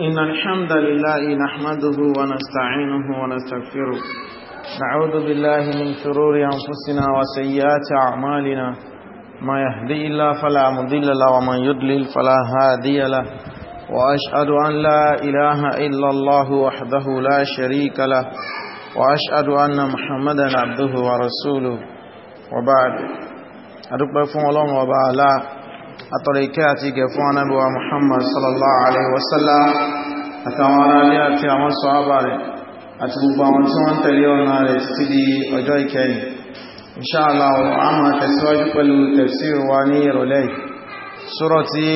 إن الحمد لله نحمده ونستعينه ونستغفره نعوذ بالله من شرور أنفسنا وسيئات أعمالنا ما يهدي الله فلا مضل له ومن يضلل فلا هادي له وأشهد أن لا إله إلا الله وحده لا شريك له وأشهد أن محمدا عبده ورسوله وبعد أدوك فون الله وبعلا أطريكاتي كفوانا بوا محمد صلى الله عليه وسلم àtàwọn ará ilé àti àwọn sọ́ábà rẹ̀ àti gbogbo àwọn tí wọ́n tẹ̀lé ọ̀nà rẹ̀ títí di ọjọ́ ìkẹyìn Insha Allah a máa tẹ̀síwájú pẹ̀lú tafsir wa ní ìrọ̀lẹ́ sọ́rọ̀ tí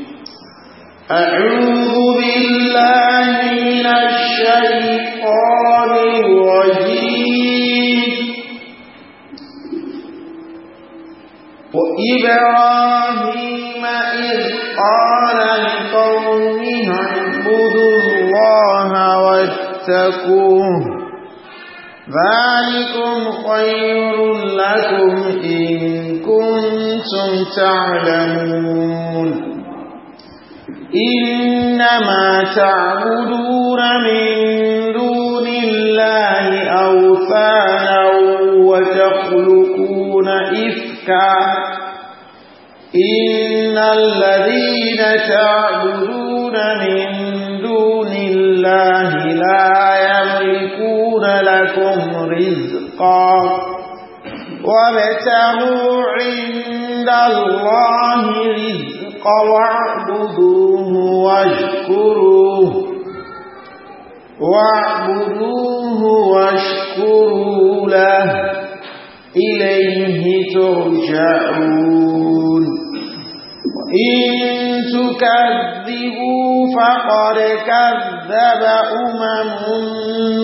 16 أعوذ بالله من الشيطان الرجيم وإبراهيم إذ قال لقومه اعبدوا الله واتقوه ذلكم خير لكم إن كنتم تعلمون إنما تعبدون من دون الله أوثانا وتخلقون إفكا إن الذين تعبدون من دون الله لا يملكون لكم رزقا وابتغوا عند الله رزقا الحق واعبدوه واشكروه واعبدوه واشكروا له إليه ترجعون وإن تكذبوا فقد كذب أمم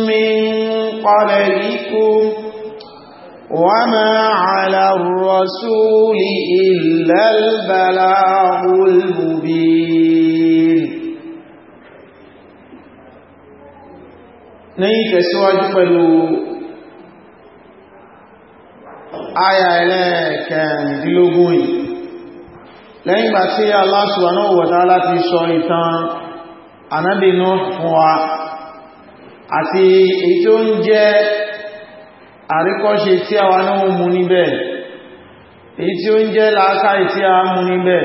من قبلكم وما على الرسول إلا البلاغ المبين نيك سواج بلو آية لك بلغوي lẹ́yìn gbà tí Allah subhanahu wa ta'ala ti sọ ìtàn ànábì Nuh fún wa àti èyí tó ń jẹ́ àríkọ́ṣe tí àwa náà mú níbẹ̀ èyí tí ó ń jẹ́ làákàí tí a mú níbẹ̀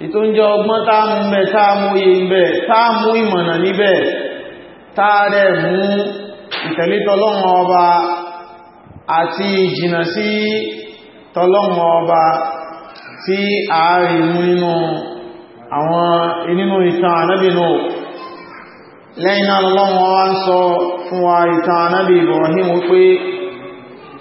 èyí tó ń jẹ́ ọgbọ́n táàmù mẹ́ táàmù iye níbẹ̀ táàmù ìmọ̀nà níbẹ̀ táàrẹ mú ìtẹ̀lé tọlọ́run ọba àti ìjìnà sí tọlọ́run ọba tí a rí mú nínú àwọn nínú ìtàn ànábì náà lẹ́yìn náà lọ́wọ́ wá ń sọ fún wa ìtàn ànábì Ibrahim wípé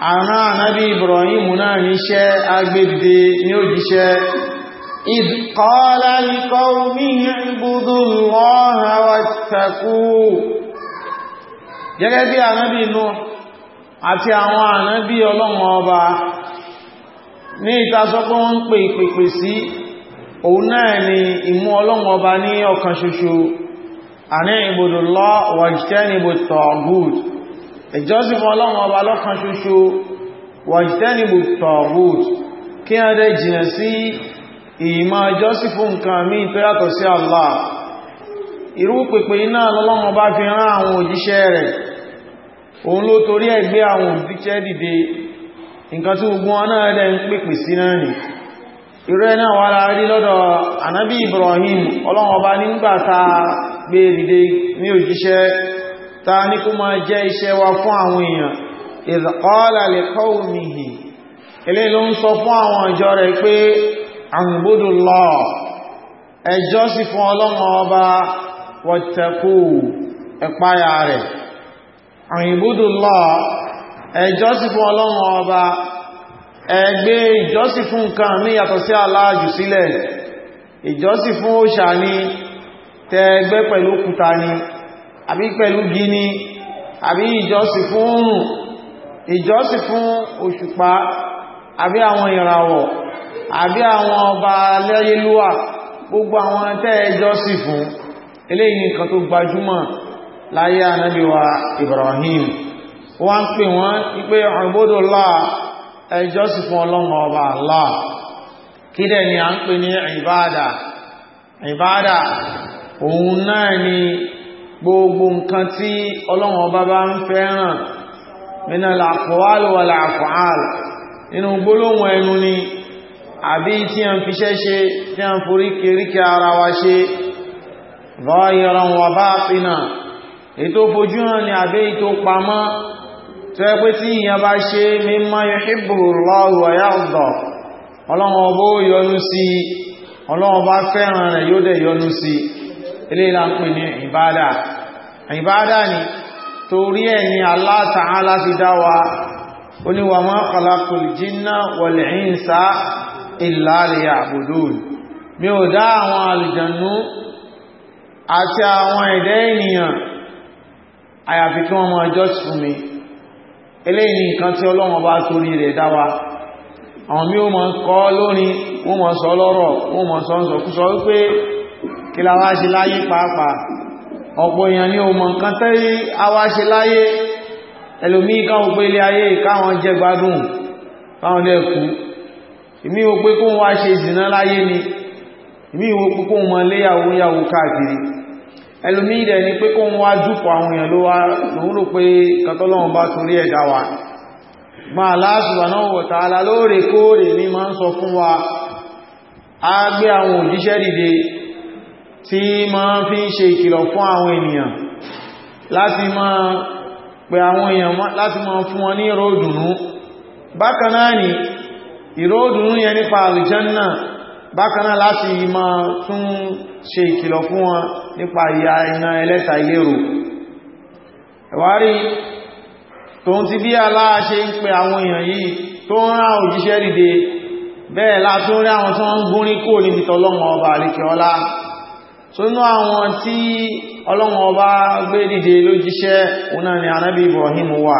àrán ànábí Ibrahim náà níṣẹ́ agbèdè ní òjíṣẹ́ إذ قال لقومه اعبدوا الله واتقوه gẹ́gẹ́ bí ànábì inú àti àwọn ànábì ọlọ́run ọba ní ìtasọ́pọ̀ ń pè ìpèpè sí òun náà ni ìmú ní ìjọsìn fún ọlọ́run ọba lọ́kan ṣoṣo wàjítẹ́nìbù tọ̀gùt kí a rẹ̀ jìnà sí ìmá ìjọsìn nǹkan mí tó Allah irú pèpè iná lọ́lọ́run ọba fi rán àwọn òjíṣẹ́ rẹ̀ òun ló torí ẹgbẹ́ àwọn òjíṣẹ́ dìde nǹkan tí gbogbo wọn náà rẹ̀ ń pèpè sí náà nì irú Ibrahim ọlọ́run ọba gbé ta ní kó máa jẹ́ wa fún àwọn èèyàn ìdàkọ́lá lè kọ́ òmìnì ilé ló ń sọ fún àwọn ìjọ pé lọ ẹjọ́ fún ọlọ́mọ ọba wọ̀tẹ̀kù ẹ̀páyà rẹ̀ lọ ẹjọ́ fún ọlọ́mọ ọba ẹgbẹ́ fún àbí pẹ̀lú gini àbí ìjọsìn fún oòrùn ìjọsìn fún òṣùpá àbí àwọn ìràwọ̀ àbí àwọn ọba lẹ́yẹlúwà gbogbo àwọn tẹ́ ẹjọ́sìn fún eléyìí nǹkan tó gbajúmọ̀ láyé ànábíwa Ibrahim wọ́n pè wọ́n wípé ọ̀rọ̀bódò láà ẹjọ́sìn fún ọlọ́run ọba Allah kí dẹ̀ ni a ń pè ní ìbáadà ìbáadà òun náà ni gbogbo nǹkan tí ọlọ́run ọba bá ń fẹ́ràn mẹ́nà làkọ̀wàlù wà làkọ̀àlù nínú gbólóhùn ẹnu ni àbí tí a ń fiṣẹ́ ṣe tí a ń forí kèríkẹ ara wa ṣe zọ́ọ̀yẹran wà bá pínà ètò fojú hàn ni àbí ètò pamọ́ tẹ́ pé fẹ́ràn rẹ̀ yóò dẹ̀ yọ́nú sí i eléyìí ń pè ní ìbádà ìbádà ni torí ẹ̀ ni Allah Ta'ala ti dá wa ó ní wa ma khalaqul jinna wal insa illa liya'budun mi ò dá àwọn àlùjànnú àti àwọn ẹ̀dẹ́ ènìyàn àyàfi kí wọ́n mọ ọjọ́ fún mi eléyìí ni nǹkan tí Ọlọ́run bá torí rẹ̀ dá àwọn mí ó mọ kọ́ lórin wọ́n mọ sọ lọ́rọ̀ wọ́n mọ sọ ń wípé kí la wá ṣe láyé pàápàá ọ̀pọ̀ èèyàn ní ọmọ nǹkan tẹ́rí awá ṣe láyé ẹlòmí káwọn pé ilé ayé káwọn jẹ gbádùn káwọn lẹ́kú ìmí wo pé kóhun wá ṣe ìsìná láyé ni ìmí wo pé kóhun mọ léyàwó yàwó káàkiri ẹlòmí ìdẹ̀ ni pé kóhun wá dúpọ̀ àwọn èèyàn ló wá lòun rò pé katọ́lọ́run bá torí ẹ̀dá wa ma Allah subhanahu wa ta'ala lóòrèkóòrè ní máa ń sọ fún wa a gbé àwọn òjíṣẹ́ dìde tí ma fi ń ṣe ìkìlọ̀ fún àwọn ènìyàn láti ma pẹ àwọn èèyàn láti ma fún wọn ní ìròdùnú bákan náà ni ìròdùnú yẹn nípa àlùjánnà bákan náà láti ma tún ṣe ìkìlọ̀ fún wọn nípa ìyà iná ẹlẹ́ta ilérò ẹ̀wárí tó ń ti bí aláà ṣe ń pẹ àwọn èèyàn yìí tó ń rán òjíṣẹ́ dìde bẹ́ẹ̀ látún àwọn tó ń gúnrí kò níbi tọ́lọ́mọ ọba àríkẹ́ ọlá so awọn àwọn tí ọlọ́run ọba gbé dìde lójíṣẹ́ òun ni anábì Ibrahim wà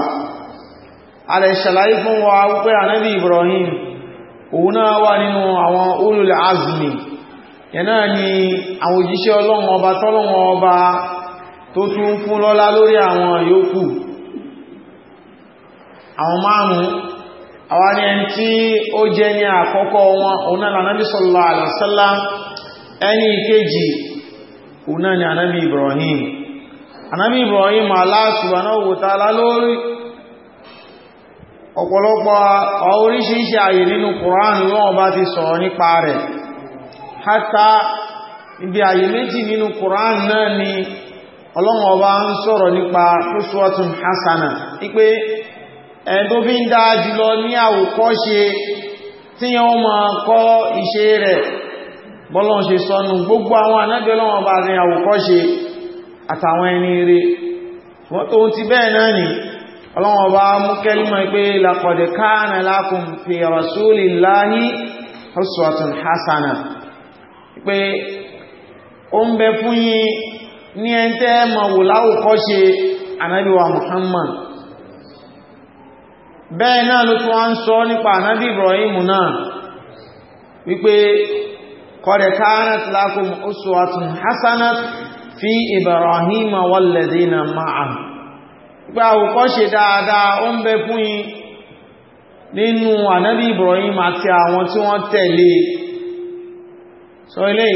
a ṣàlàyé fún wa wípé anábì Ibrahim òun náà wà nínú àwọn ulul azmi yẹ̀nà ni àwọn òjíṣẹ́ ọlọ́run ọba tọ́lọ́run ọba tó tún fún lọ́lá lórí àwọn yòókù àwọn márùn-ún àwọn ni ẹni tí ó òun náà ni anábì Ibrahim anábì Ibrahim Allah subhanahu wa ta'ala lórí ọ̀pọ̀lọpọ̀ oríṣiríṣi àyè nínú Kùránì wọ́n bá ti sọ̀rọ̀ nípa rẹ̀ hátà ibi àyè méjì nínú náà ni ọlọ́wọ́ bá ń sọ̀rọ̀ nípa uswatun hasana ipé ẹ̀dọ́ bí ń dáa jùlọ ní àwòkọ́ṣe bọ́lọ́n ṣe sọnù gbogbo àwọn ànábì Ọlọ́run bá rin àwòkọ́ṣe àtàwọn ẹni rí wọ́n tó ti bẹ́ẹ̀ náà ni Ọlọ́run bá mú kẹ́límọ̀ pé laqad kana lakum fi rasulillahi hasana o bẹ́ẹ̀ náà ló tún wá Ibrahim náà wípé قد كانت لكم أسوة حسنة في إبراهيم والذين معه pé àwòkọ́ṣe dáadáa ó ń bẹ fún yín nínú ànábì Ibrahim àti àwọn tí wọ́n tẹ̀lé e. sọ ilé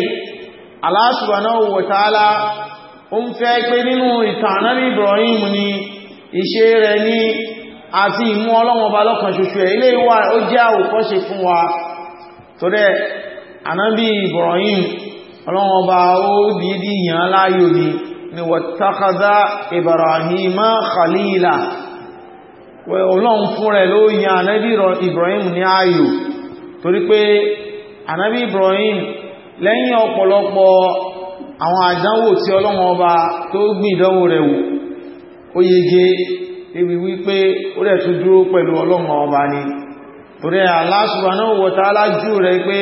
Allah subhanahu wa ta'ala ó ń fẹ́ ànábì Ibrahim ọlọ́run ọba ó dìídì yàn láàyò ni ni wàtàkàdá Ibrahima khalila ọlọ́run fún rẹ̀ ló yàn ànábì Ibrahim ní ààyò torí pé ànábì Ibrahim lẹ́yìn ọ̀pọ̀lọpọ̀ àwọn àdánwò tí ọlọ́run ọba tó gbìn ìdánwò rẹ̀ wò ó yege ebi wípé ó rẹ̀ tún dúró pẹ̀lú ọlọ́run ọba ni torí Allah subhanahu wa ta'ala rẹ̀ pé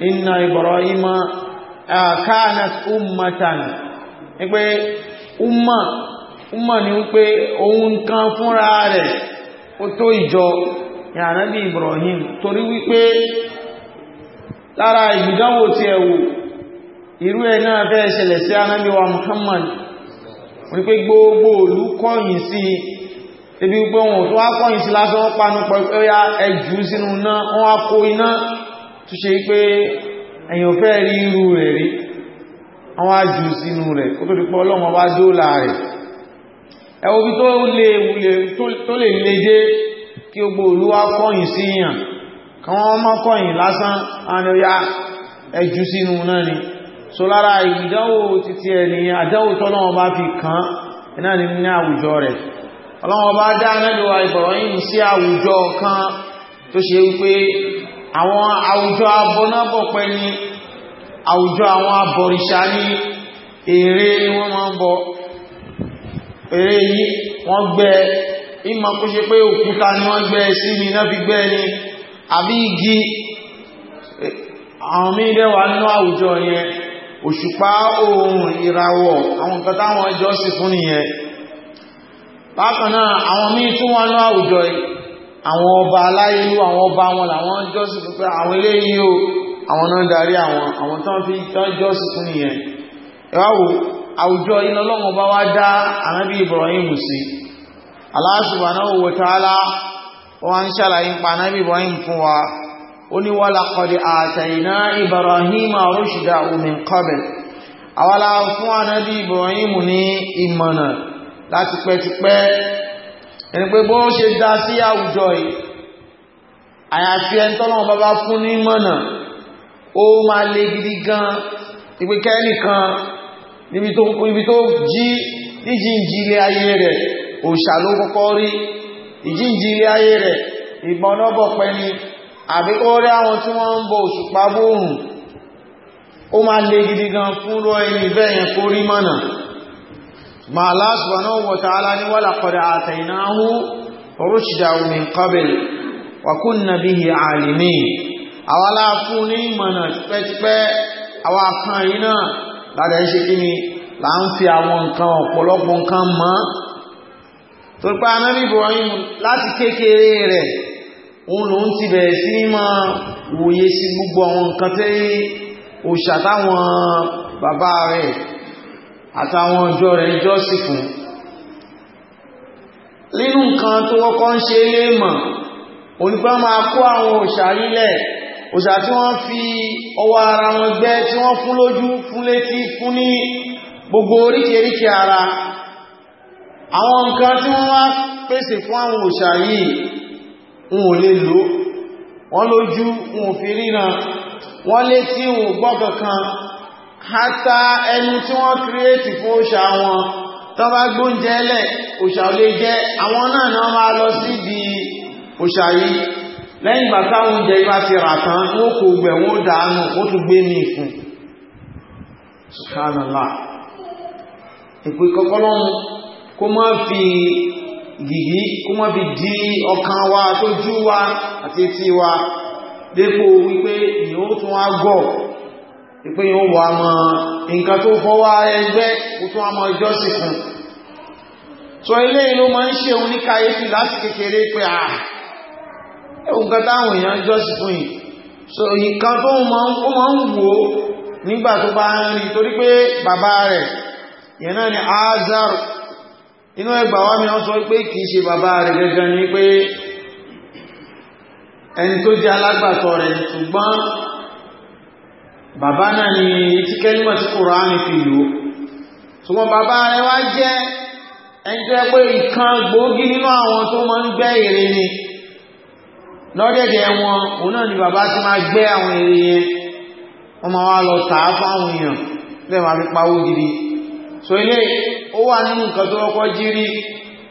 inna ibrahima ah, kanat ummatan wípé umma umma ni pe ohun kan fúnra rẹ̀ ó ijo ìjọ ìrànàbí ibrahim torí wípé lara ìgbìdánwò tí ẹ̀wò irú ẹ̀ náà fẹ́ sele si ànábì wa muhammad pe gbogbo ìlú kọ̀yìn sí ibi gbogbo wọn tó wá kọ̀yìn sí lásán panu pẹ̀lú ẹjù sínú náà wọ́n á kó iná tó ṣe pé èyàn fẹ́ rí irú rẹ̀ rí àwọn ajú sínú rẹ̀ kó tó dípọ̀ ọlọ́wọ́n wá dóòlà rẹ̀ ẹwọ́bí tó lè lè dé kí gbogbo olúwa kọ́yìn sí yàn káwọn má kọ́yìn lásán àníyà ẹjú sínú náà ni so lára ìdánwò títí ẹni àdánwò tọ́lọ́wọ́n bá fi kàn náà ni ní àwùjọ rẹ̀ ọlọ́wọ́n bá dá mẹ́lúwà Ibrahim sí àwùjọ kan tó ṣe wípé àwọn àwùjọ abọnábọ̀pẹ́ ni àwùjọ àwọn abọ̀rìṣà ní ère ni wọ́n máa ń bọ ère yìí wọ́n gbẹ́ ìmọ̀ kó ṣe pé òkúta ni wọ́n gbẹ́ sí ni náà fi gbẹ́ ni àbí igi àwọn wà nínú àwùjọ yẹn òṣùpá ohun ìràwọ̀ àwọn nǹkan táwọn ẹjọ́ sì fún nìyẹn bákan náà àwọn míì tún wà ní àwùjọ yìí àwọn ọba aláyélú àwọn ọba wọn làwọn jọ́sìn fún pé àwọn eléyìí o àwọn náà darí àwọn àwọn tán fi tán jọ́sìn fún nìyẹn ẹwàwò àwùjọ iná lọ́wọ́n bá wá dá ànábì Ibrahim sí Allah subhanahu wa ta'ala wọ́n ń ṣàlàyé pa ànábì Ibrahim fún wa ó ní wa laqad atayna Ibrahima rushdahu min qabl àwọ́lá fún ànábì Ibrahim ní ìmọ̀nà láti pẹ́tipẹ́ ẹni pé bó ṣe dá sí àwùjọ yìí àyàfi ẹni tọ́lọ́wọ́n bá bá fún ní mọ̀nà ó máa le gidi gan ìpé kẹ́nìkan níbi tó jí níjìnjì ilé ayé rẹ̀ òṣà ló kọ́kọ́ rí ìjìnjì ilé ayé rẹ̀ ìbọn lọ́bọ̀ pẹ́ni àbí ó rí àwọn tí wọ́n ń bọ òṣùpá bóòrùn ó máa le gidi gan fún rọ ẹni bẹ́ẹ̀ yẹn kó rí mọ̀nà ma Allah subhanahu wa ta'ala ni wala qad atainahu rushdahu min qabl wa kunna bihi alimin awala fún ní mana pẹtipẹ àwa kan yìí náà lára ẹ ṣe kí ni là ń fi àwọn nǹkan bàbá rẹ̀ àtàwọn ọjọ́ rẹ̀ jọ́sì fún nínú nǹkan tó wọ́kọ́ ń ṣe ilé mọ̀ onípa máa kó àwọn òṣà nílẹ̀ òṣà tí wọ́n fi ọwọ́ ara wọn gbẹ́ tí wọ́n fún lójú fún létí fún ní gbogbo oríkèríkè ara àwọn nǹkan tí wọ́n wá pèsè fún àwọn òṣà yìí wọn ò lè lò wọ́n lójú wọn ò fi ríran wọ́n létí wọn ò gbọ́ kankan hátà ẹnu tí wọ́n kírètì fún òṣà wọn tán bá gbóúnjẹ ẹlẹ̀ òṣà ò lè jẹ àwọn náà náà máa lọ síbi òṣà yìí lẹ́yìn ìgbà táwọn oúnjẹ ibá ti rà tán wọ́n kò gbẹ̀ wọ́n dàánù ó tún gbé ní ìfún subhanallah ìpè kọkọlọ́run kó má fi gìgí kó má fi di ọkàn wa tójú wa àti etí wa dépò wípé ìyóò tún wá gọ̀ọ́ ìpé yóò wà mọ́ nǹkan tó fọwọ́ ẹgbẹ́ òtún àmọ́ ìjọsìn fún sọ ilé ìlú ma ń ṣe òun ní kàyéfì láti kékeré pé à ẹ̀hùn kan táwọn èèyàn jọ́sìn fún yìí so nǹkan tó ma ń wò nígbà tó bá ń rí torí pé bàbá rẹ̀ yẹn náà ni Azar inú ẹgbà wá mi wọ́n sọ pé kìí ṣe bàbá rẹ̀ gẹ́gẹ́ ni pé ẹni tó jẹ́ alágbàtọ̀ rẹ̀ ṣùgbọ́n bàbá náà ni tí kẹ́límọ̀ tí Kùránì fi lò ṣùgbọ́n bàbá rẹ̀ wá jẹ́ ẹni tó pé ìkan gbòógì nínú àwọn tó máa ń gbẹ́ ère ni lọ́dẹ̀dẹ̀ wọn òun náà ni bàbá ti máa gbẹ́ àwọn ère yẹn wọ́n máa wá lọ tàá fáwọn èèyàn lẹ́ẹ̀ máa fi pawó gidi so ilé ó wà nínú nǹkan tó rọ́kọ́ jírí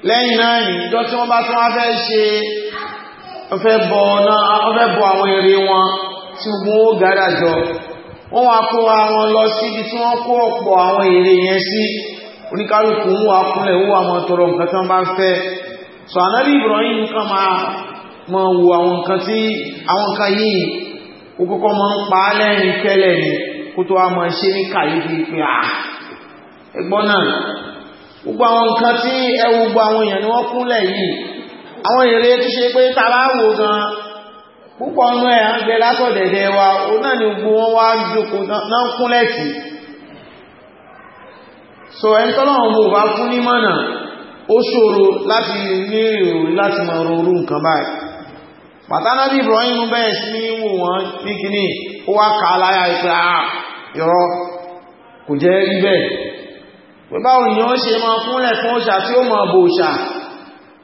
lẹ́yìn náà ìjọ tí wọ́n bá tún wá fẹ́ ṣe ọfẹ́ bọ àwọn ère wọn tí gbogbo ó gádàjọ wọ́n wá kó àwọn lọ síbi tí wọ́n kó ọ̀pọ̀ àwọn èrè yẹn sí oníkálùkù ń wà kúnlẹ̀ ó wà mọ́ tọrọ nǹkan tán bá ń fẹ́ sọ ànábì Ibrahim kan máa mọ wo àwọn nǹkan tí àwọn nǹkan yìí ó kọ́kọ́ mọ́ ń pa á lẹ́rìn tẹ́lẹ̀ ni kó tó wá mọ́ ṣe ní kàyéfì pé à ẹgbọ́n náà gbogbo àwọn nǹkan tí ẹwù gbogbo àwọn èèyàn ni wọ́n kúnlẹ̀ yìí àwọn èrè tó ṣe pé tá a bá wò gan-an púpọ̀ ọ̀nà ẹ̀ ń bẹ látọ̀dẹ̀dẹ̀ wa o náà ni gbogbo wọn wá jòkó náà kúnlẹ̀ sí so ẹni tọ́lọ́wọ́n ọmọ bá fún ní mọ́nà ó ṣòro láti ní ìròrí láti mọ̀ nǹkan báyìí pàtàkì Ibrahim bẹ́ẹ̀ sí ní wò wá kà á láyà ìpẹ́ yọrọ kò jẹ́ rí bẹ́ẹ̀ pé báwo ni ó ṣe fúnlẹ̀ fún òṣà tí ó mọ̀ bò òṣà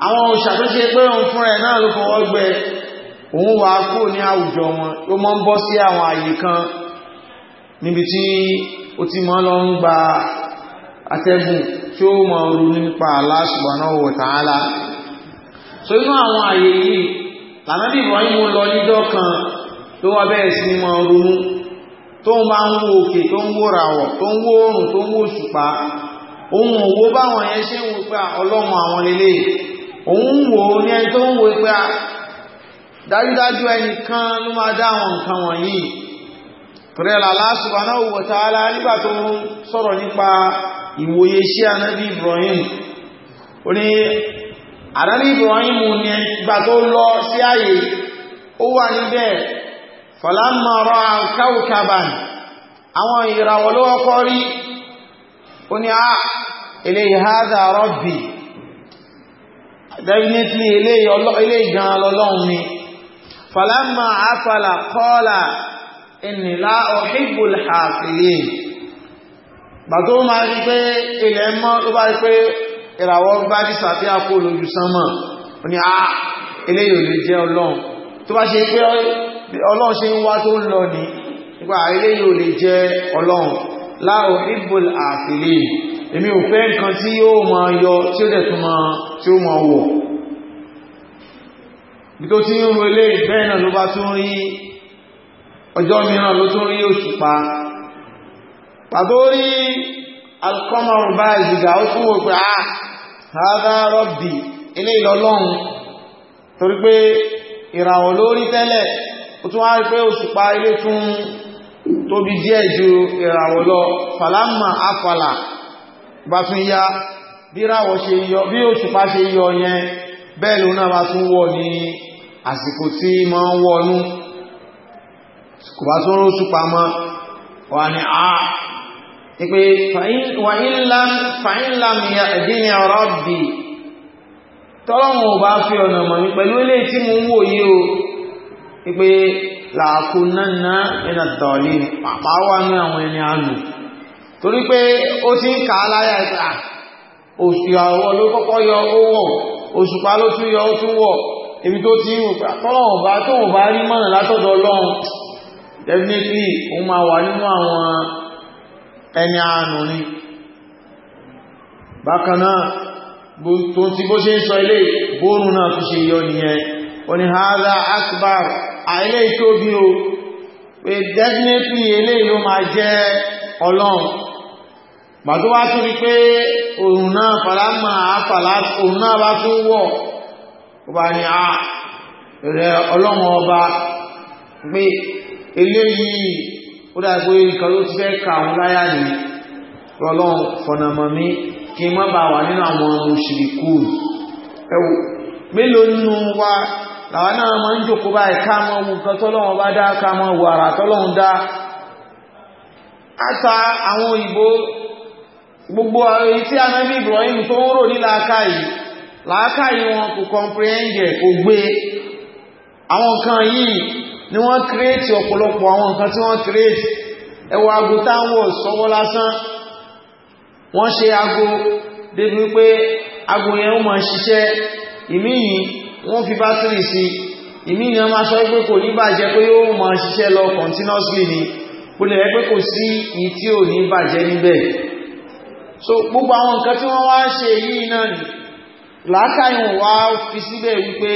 àwọn òṣà tó ṣe pé òun òun wà kó ní àwùjọ wọn ó mọ́ ń bọ́ sí àwọn àyè kan níbi tí ó ti mọ́ lọ ń gba atẹ́gùn tí ó mọ̀ rú nípa Allah subhanahu wa so inú àwọn àyè yìí lànàbí Ibrahim lọ níjọ́ kan tó wá bẹ́ẹ̀ sí mọ̀ ronú tó ń bá ń wo òkè tó ń wó ràwọ̀ tó ń wó oòrùn tó ń wó òṣùpá òun òwò báwọn yẹn ṣe ń wo pé ah, ọlọ́run àwọn lélẹ̀ òun wò ó ní ẹni tó ń wo pé ah, dájúdájú ẹnìkan ló máa dá àwọn nǹkan wọ̀nyí pẹ̀lẹ́lá Allah subhanahu wa ta'ala nígbà tó ń sọ̀rọ̀ nípa ìwòye iṣẹ́ anábí Ibrahim ó ní anábí Ibrahim ní ìgbà tó lọ sí ààyè ó wà níbẹ̀ falamma ra'a kawkaban àwọn ìràwọ̀ ló kọ́kọ́ rí ó ní à ilé hadha rabbi definitely ilé ìgan lọ́lọ́run ni فلما عفل قال إني لا أحب الحافلين bàtó ma rí pé ilẹ̀ mọ́ tó bá rí pé ìràwọ̀ bá jí sàfí àkó lójú sánmọ̀ ó ní àà ah, eléyìí ò lè jẹ́ ọlọ́run tó bá ṣe pé ọlọ́run ṣe ń wá tó ń lọ ní nípa eléyìí ò lè jẹ́ ọlọ́run la uhibbul afilin èmi ò fẹ́ nǹkan tí yóò máa yọ tí ó dẹ̀ tún máa tí ó máa wọ̀ bí tó ti ń ro ilé ìfẹ́ náà ló bá tún rí ọjọ́ mìíràn ló tún rí òṣùpá pàtó rí alkọ́mọ̀rún bá ìzìgà ó tún wò pé à ah, hádá rọ́bì ilé ìlọ́lọ́run torí pé ìràwọ̀ lórí tẹ́lẹ̀ ó tún wá rí pé òṣùpá ilé tún tóbi díẹ̀ ju ìràwọ̀ lọ fàlámà afàlà bá tún yá bí òṣùpá ṣe yọ yẹn bẹ́ẹ̀ ló náà bá tún wọ̀ ní àsìkò tí ma ń wọnú kò bá tún rú súpamọ́ wà ní àá ìpé fàílàmìyà ẹ̀dínì ọ̀rọ̀ bì tọ́lọ́wọ̀n ò bá fi ọ̀nà mọ̀ ní pẹ̀lú ilé tí mo ń wò yí o ìpé làákù náà ẹ̀nà tọ̀lì pàpáwà ní àwọn ẹni àánú torí pé ó ti ń kà á láyà ìpà òṣìyàwó ló kọ́kọ́ yọ owó òṣùpá ló tún yọ ó tún wọ̀ ibi tó ti rò pé tọ́lọ́wọ̀n bá tó wò bá rí mọ́nà látọ̀dọ̀ ọlọ́run definitely ó máa wà nínú àwọn ẹni àánú ni bákan náà tó ti bó ṣe ń sọ ilé bóòrùn náà tó definitely eléyìí ó máa jẹ́ ọlọ́run gbàtó wá tún rí pé òun náà fàlámà àfàlá òun náà bá tún wọ̀ ó bá ní à ah, rẹ ọlọ́wọ́n ọba pé eléyìí ó dàgbé nǹkan ló ti fẹ́ ka àwọn láyà ní ọlọ́run fọ̀nàmọ́ mi kí n má bàa wà nínú àwọn òṣìríkù ẹwù mélòó nínú wa làwọn náà máa ń jòkó báyìí ká mọ ohun kan tọ́lọ́run bá dá ká mọ wàrà tọ́lọ́run dá àtà àwọn òyìnbó gbogbo èyí tí anábí Ibrahim tó ń rò ní làákàyè làákàyè wọn kò comprehend ògbé àwọn nǹkan yìí ni wọ́n create ọ̀pọ̀lọpọ̀ àwọn nǹkan tí wọ́n create ẹwà ago táwọn sọ́wọ́ lásán wọ́n ṣe ago débi pé ago yẹn ó máa ṣiṣẹ́ ìmíyìn wọ́n fi bátìrì sí ìmíyàn máa sọ pé kò ní bàjẹ́ pé ó máa ṣiṣẹ́ lọ continuously ni kò lè rẹ́ pé kò sí ìyí ò ní bàjẹ́ níbẹ̀ so gbogbo àwọn nǹkan tí wọ́n wá ń ṣe yìí náà ni làákàyùn wá fi síbẹ̀ wípé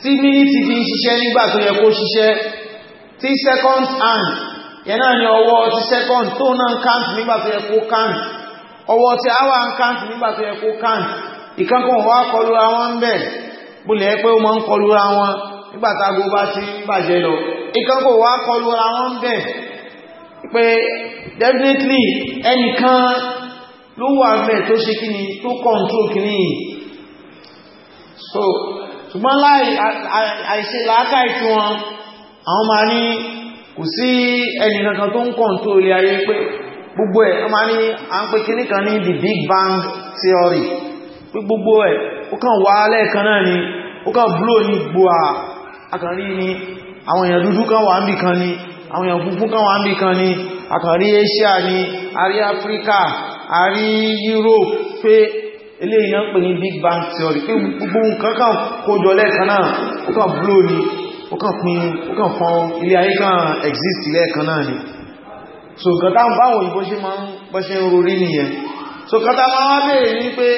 tí mínítì fi ń ṣiṣẹ́ nígbà tó yẹ kó ṣiṣẹ́ tí second hand yẹn náà ni ọwọ́ ti second tó náà ń count nígbà tó yẹ kó count ọwọ́ ti hour ń count nígbà tó yẹ kó count ìkankan wá kọlu àwọn ń bẹ̀ bólẹ̀ pé ó mọ́ ń kọlu àwọn nígbàtàgbó bá ti bàjẹ́ lọ ìkankan wá kọlu àwọn ń bẹ̀ pé definitely ẹnìkan ló wà mẹ́ tó ṣe kíni tó control kíni so ṣùgbọ́n láì àìṣe làákà ìtú wọn àwọn máa ní kò sí ẹnìkankan tó ń control ilé ayé pé gbogbo ẹ̀ wọ́n máa ní à ń pè kíní kan ní the big bang theory pé gbogbo ẹ̀ ó kàn wá lẹ́ẹ̀kan náà ni ó kàn blow ní gbòà akàrí ni àwọn èèyàn dúdú kan wà ń bì kan ni àwọn èèyàn funfun kan wà ń bí kan ni àkàrí Asia ni àrí Africa àrí Europe pé eléyìí náà pè ní Big Bang Theory pé gbogbo nǹkan kan kójọ lẹ́ẹ̀kan náà ó kàn bló ni ó kàn pín ó kàn fọn ilé ayé kan exist lẹ́ẹ̀kan náà ni so nǹkan táwọn báwọn òyìnbó ṣe máa ń bọ́ṣe ń rorí nìyẹn so kọta máa wá bèèrè ní pé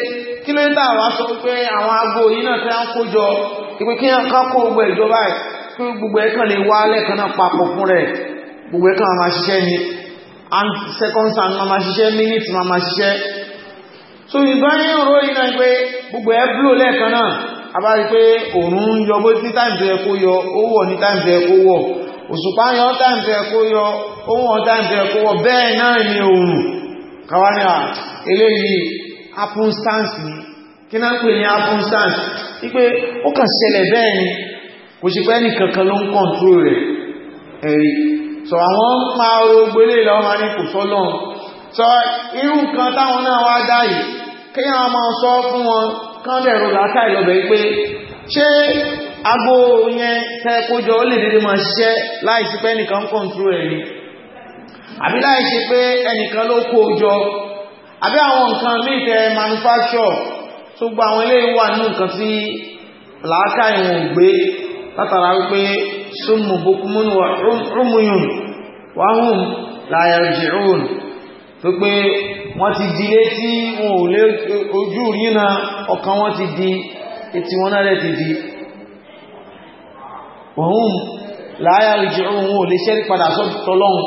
kí ló ń dà wá sọ pé àwọn agbó yìí náà tẹ́ ń kójọ ìpé kí wọ́n kó gbogbo ìjọba pé gbogbo ẹ̀kan lè wá lẹ́ẹ̀kan náà papọ̀ fún rẹ̀ gbogbo máa máa ṣiṣẹ́ ni and seconds máa máa ṣiṣẹ́ máa máa so ịbanye ọ̀rọ̀ iná pé gbogbo ẹ̀ blow lẹ́ẹ̀kan náà a bá rí pé òòrùn ń yọ bó ní time tó yẹ kó yọ ó wọ̀ ní time tó yẹ kó wọ̀ yọ tó yẹ yọ ó wọ̀ tó yẹ kó wọ̀ bẹ́ẹ̀ náà ni òòrùn káwá à eléyìí ni kí náà pè ní kò sí pé ẹnì kankan ló ń kọ̀ǹtró rẹ̀ ẹ̀rí sọ àwọn máa ro gbélé lọ́wọ́ ní kò sọ́lọ́ sọ irú nǹkan táwọn náà wá dá yìí kí wọ́n máa sọ fún wọn kán bẹ̀rù látà ìlọ́bẹ̀ pé ṣé agbó yẹn tẹ́ kójọ ó lè dédé máa ṣiṣẹ́ láìsí pé ẹnìkan kọ̀ǹtró rẹ̀ ni àbí láìsí pé ẹnìkan ló kó jọ àbí àwọn nǹkan mìtẹ̀ manufacture tó gba àwọn ilé wà ní nǹkan tí làákà ìwọ̀n gbé látara wípé súnmù bukumun wa rúmùyùn wa hum la yarji'un tó pé wọ́n ti di létí wọn ò lé ojú rína ọkàn wọn ti di etí wọn náà ti di wa hum la yarji'un wọn ò lè ṣẹ́rí padà sọ́tọ́lọ́hun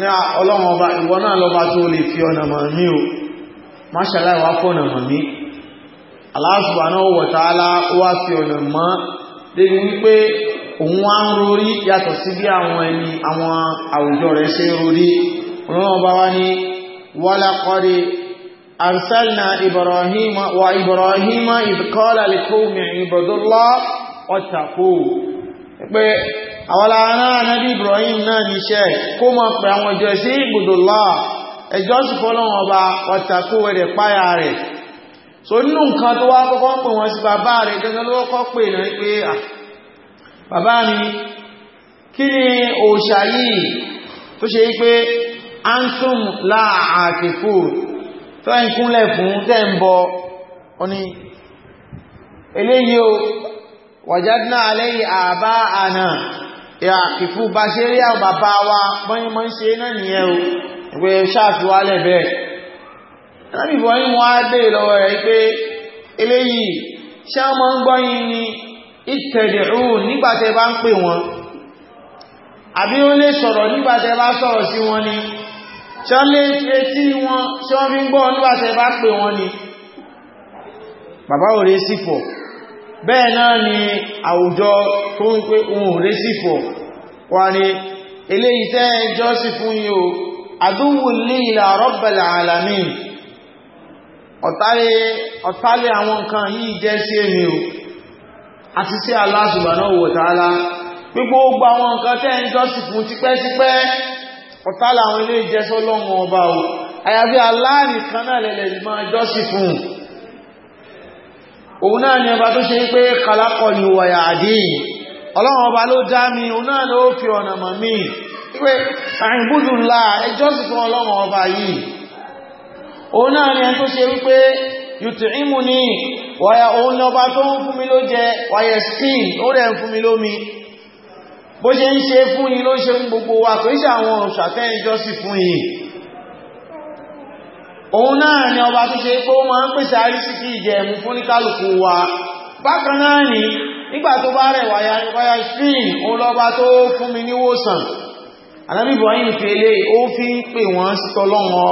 ní ah, ọlọ́run ọba ìwọ náà lọ́ba tó lè fi ọ̀nà mọ̀ mí o máṣàláì wá fọ́nà mọ̀ mí Allah subhanahu wa ta'ala wá fi ọ̀nà mọ́ débi wípé òun wá ń rorí yàtọ̀ sí bí àwọn ẹni àwọn àwùjọ rẹ̀ ṣe rorí ọlọ́run ọba wá ní àwọlá náà nábí Ibrahim náà níṣẹ́ kó mọ̀ pé àwọn ìjọ sí ibùdókọ̀ ẹjọ́ sì fọ́lọ́wọ́n ọba ọ̀tàkó rẹ̀ páyà rẹ̀ so nínú nǹkan tó wá kọ́kọ́ pè wọ́n sí bàbá rẹ̀ gẹ́gẹ́ ló kọ́ pè náà pé bàbá mi kí ni òòṣà yìí tó ṣe eléyìí o wàjádínà alẹ́ àbá àná àkìfú bá ṣe rí àwọn bàbá wa bọ́yí mọ́ ń ṣe náà nìyẹn o ìwé ṣáàfiwálẹ̀ bẹ́ẹ̀ lábìbọ̀ yí wọ́n á dé lọ́wọ́ rẹ̀ pé eléyìí ṣe a mọ́ ń gbọ́yìn ni ìtẹ̀lẹ̀rù nígbàtẹ́ bá ń pè wọn àbí ó lè sọ̀rọ̀ nígbàtẹ́ bá sọ̀rọ̀ sí wọn ni ṣe lè etí wọn ṣe wọ́n fi ń gbọ́ bẹ́ẹ̀ náà ni àwùjọ tó ń pé ohun rẹ̀ sí fọ̀ wà ní eléyìí tẹ́ ẹjọ́ sí fún yí o àdúnwòlé ìlà rọ́bẹ̀lẹ̀ àlàmì ọ̀tálẹ̀ àwọn nǹkan yìí jẹ́ sí èmi o àti sí Allah subhanahu wa ta'ala pípò gbogbo sí fún Allah nìkan náà lẹ́lẹ̀ máa òun náà ni ọba tó ṣe pé kalakọ̀ ni wọ̀yà àdín ọba ló dá mi òun náà ló fi ọ̀nà mọ̀ mí wípé àìbúdùnlá ẹjọ́ ọba yìí òun náà ni tó ṣe wípé yùtù ni wọ̀yà òun ni ọba tó ń fún mi ló jẹ wọ̀yà ó rẹ̀ ń fún mi lómi bó ṣe ń ṣe fún yín ló ṣe ń gbogbo wa kò ń òun náà ni ọba tó ṣe pé ó máa ń pèsè àrísìkí ìjẹ̀mú fún ní kálùkù wa bákan náà ni nígbà tó bá rẹ̀ wáyá lọ́ba tó fún mi níwòsàn Ibrahim fi elé ó fi ń pè wọ́n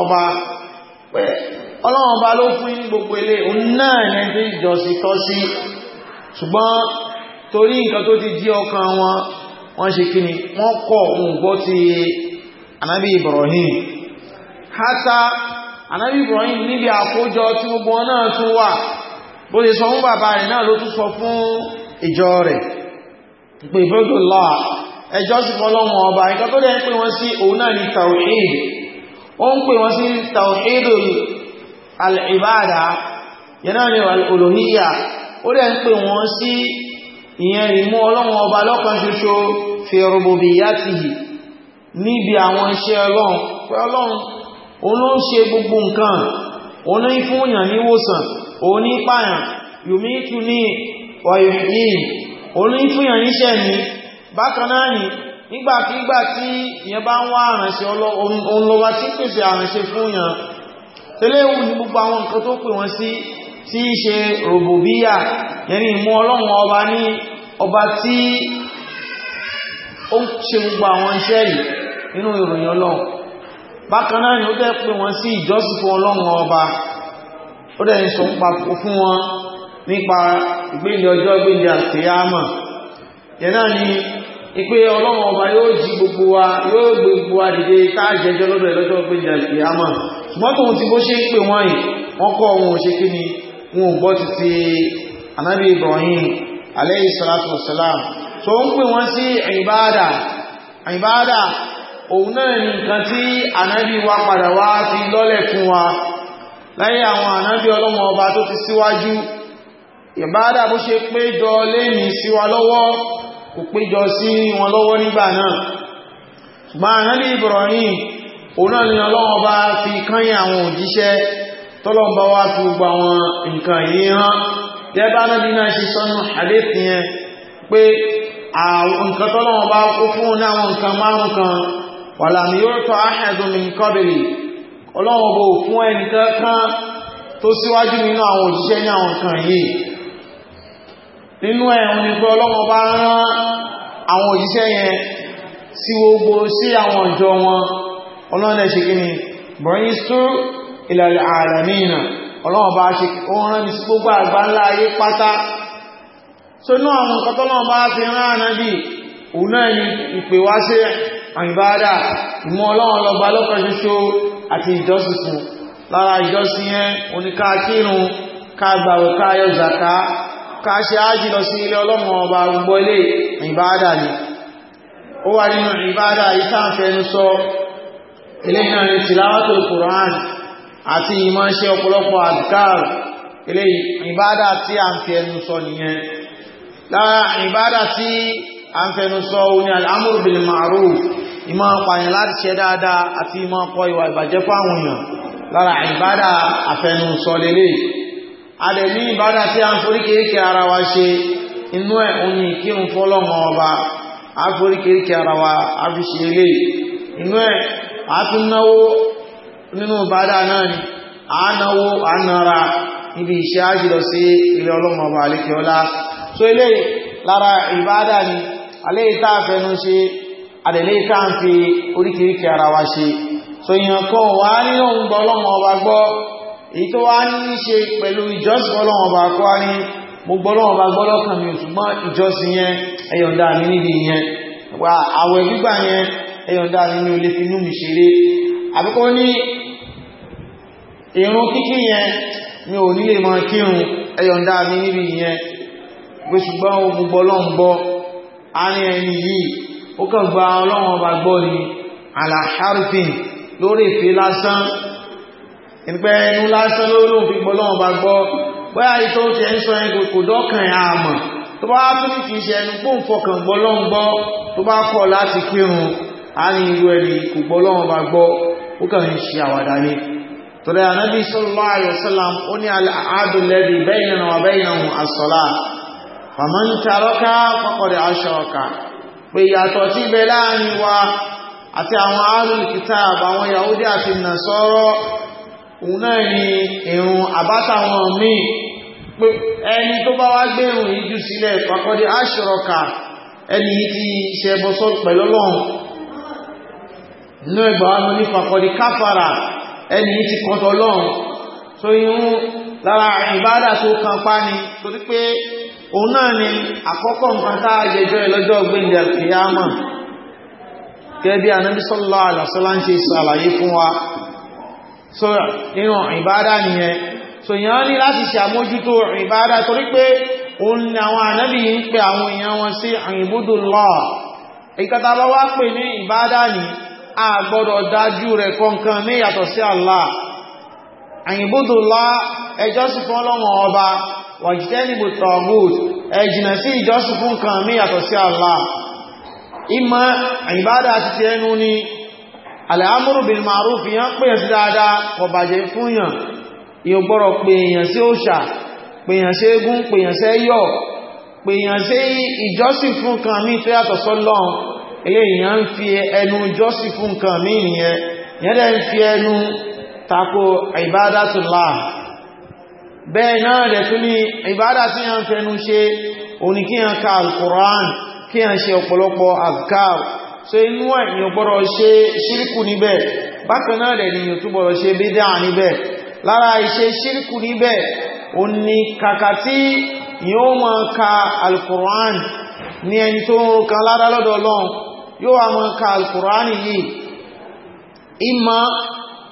ọba ọlọ́wọ́n ọba gbogbo ti Ibrahim anábì Ibrahim níbi àkójọ tí gbogbo wọn náà tún wà bó lè sọ fún bàbá rẹ̀ náà ló tún sọ fún ìjọ rẹ̀ pé ìbọ́dọ̀ lọ ẹjọ́ sí fọ́lọ́wọ́n ọba nǹkan tó dẹ̀ ń pè wọ́n sí òun náà ní tawhid ó ń pè wọ́n sí tawhid al-ibada yẹn níbi àwọn iṣẹ́ ọlọ́run pé ọlọ́run òun ló ń ṣe gbogbo nǹkan òun ní fún yàn ní wòsàn òun ní pààyàn yùmí tún ní ọ̀yọ̀yí òun ní fún yàn níṣẹ́ ní bákan náà ní nígbàkígbà tí ìyẹn bá ń wá àrànṣẹ́ òun lọ́wọ́ tí pèsè àrànṣẹ́ fún yàn tẹ́lẹ̀wù ní gbogbo bákan náà ni ó dẹ́ pé wọ́n sí ìjọsìn fún ọlọ́run ọba ó dẹ́ ń sọ fún wọn nípa ìgbéǹde ọjọ́ ìgbéǹde àkíyámà yẹn ni ìpé ọlọ́run ọba yóò jí gbogbo wa yóò gbé gbogbo wa dìde káàjẹjọ lọ́dọ̀ ìlọ́jọ́ ìgbéǹde àkíyámà ṣùgbọ́n tóun ti bó ṣe ń pè wọ́n yìí wọ́n kọ́ wọn ò ṣe kí ni wọn ò gbọ́ ti ti anábì Ibrahim alayhi salatu wassalam tó ń pè wọ́n sí ìbáadà ìbáadà òun náà ni nǹkan tí ànábì wa padà wá fi lọ́lẹ̀ fún wa láyé àwọn ànábí ọlọ́mọ ọba tó ti síwájú ìbádà bó ṣe péjọ lẹ́yìn sí wa lọ́wọ́ kò péjọ sí wọn lọ́wọ́ nígbà náà ṣùgbọ́n Ibrahim òun náà ni ọlọ́mọ fi àwọn òjíṣẹ́ fún wàlàmì yóò tọ́ áhẹ́dùnmí kọ́bìlì ọlọ́wọ́ bó fún ẹni kankan tó síwájú nínú àwọn òjíṣẹ́ ní àwọn kan yìí nínú ẹ̀hùn ni pé ọlọ́wọ́ bá rán àwọn òjíṣẹ́ yẹn sí gbogbo sí àwọn ìjọ wọn ọlọ́nà ṣe kí ni bọ̀yìnstú ìlàlẹ̀ àlàmìnà ọlọ́wọ́ bá ṣe ó rán ní sí gbogbo àgbá ńlá ayé pátá so inú àwọn nǹkan tọ́lọ́wọ́ bá ni ìpè sí àyíbáadà ìmọ̀ ọlọ́run lọba lọ́kàn ṣoṣo àti ìjọsìn fún lára ìjọsìn yẹn oníká kírun ká gbàwẹ̀ ká yọ zàká ká ṣe ájì lọ sí ilé ọlọ́run ọba gbogbo ilé ìbáadà ni ó wà nínú Qur'an àti ìmọ̀ ṣe ọ̀pọ̀lọpọ̀ adkar eléyìí ìbáadà tí a ń fi ẹnu sọ nìyẹn lára ìbáadà fẹnu sọ òní al-amru bil ma'ruf ìmọ̀ pààyàn láti ṣe dáadáa àti ìmọ̀ ọkọ̀ ìwà ìbàjẹ́ fáwọn èèyàn lára ìbádà àfẹnusọ lélẹ̀ adẹ̀mí ìbádà tí a ń foríkèríkè ara wa ṣe inú ẹ̀ òní kí ń fọ́lọ́mọ ọba a foríkèríkè ara wa a fi ṣe lè inú ẹ̀ a tún náwó nínú ìbádà náà ni a náwó a nara níbi iṣẹ́ ájìlọ sí ilé ọlọ́mọ ọba àlékẹ́ọlá so eléyìí lára ìbádà ni alẹ́ ìta àfẹnu ṣe àdẹ̀lẹ́ ìta ń fi oríkìríkì ara wa ṣe so èèyàn kọ́ wà ní òun gbọ́ ọlọ́run ọba gbọ́ èyí tó wá ní ṣe pẹ̀lú ìjọsìn ọlọ́run ọba kọ́ ní mo gbọ́ ọlọ́run ọba gbọ́ lọ́kàn mi ṣùgbọ́n ìjọsìn yẹn ẹ̀yọ̀ǹda mi níbi yẹn wà àwẹ̀ gbígbà yẹn a ní ẹni yìí ó kàn gba ọlọ́run ọba gbọ́ ni alaharifin lórí ìfẹ́ lásán ìpẹ́ ẹnu lásán lóòrùn fi gbọ́lọ́run ọba gbọ́ bóyá ìtọ́ tẹ́ ń sọ ẹgbẹ̀ kò dọ́kàn àmọ̀ tó bá tún ní kìí ṣe ẹnu pọ́n fọkàn gbọ́lọ́run tó bá kọ̀ láti kírun a ní irú ẹni pé ìyàtọ̀ tí bẹ láàrin wa àti àwọn ahlul kitab àwọn Yahudi àti Nasara òun náà ni ìrun àbátàwọn míì pé ẹni tó bá wá gbé ìrun yìí jù sílẹ̀ pàkọ́dé ashraka ẹni yìí ti ṣẹbọ sọ òun náà ni àkọ́kọ́ nǹkan tá àjẹjọ́ ìlọ́jọ́ gbíndẹ̀ kìyàmà gẹ́bí Ànábì sallallahu ń ṣe sàlàyé fún wa so nínú ìbádá nìyẹn so yàn ní láti ṣe àmójútó ìbádá torí pé òun ni àwọn ànábì ń pe àwọn a gbọ́dọ̀ dájú wàjítẹ́nìbò tọ̀gùt ẹ̀jìnà sí ìjọsìn fún kan mí yàtọ̀ sí Allah ìmá ìbádà ti ti ẹnu ni al'amuru bil ma'ruf yán ya sí dáadáa kò bàjẹ́ fúnyàn yóò gbọ́rọ̀ pèyàn sí òṣà pèyàn sí egún pèyàn sí ẹyọ pèyàn sí ìjọsìn fún kan mí tó yàtọ̀ sọ́lọ́n eléyàn ń fi ẹnu jọ́sìn fún kan mí nìyẹn yẹ́dẹ̀ ń fi ẹnu tako ìbádà tó bẹ́ẹ̀ náà rẹ̀ tún ní ìbádà tí yàn fẹ́nu ṣe òní kí yàn ka alkùrán kí yàn ṣe ọ̀pọ̀lọpọ̀ alkaw so inú ẹ̀ ni ọgbọ́rọ̀ ṣe ṣíríkù níbẹ̀ bákan náà rẹ̀ ni yàn túbọ̀rọ̀ ṣe bídá níbẹ̀ lára iṣẹ́ ṣíríkù níbẹ̀ òní kàkà tí yóò máa ka alkùrán ní ẹni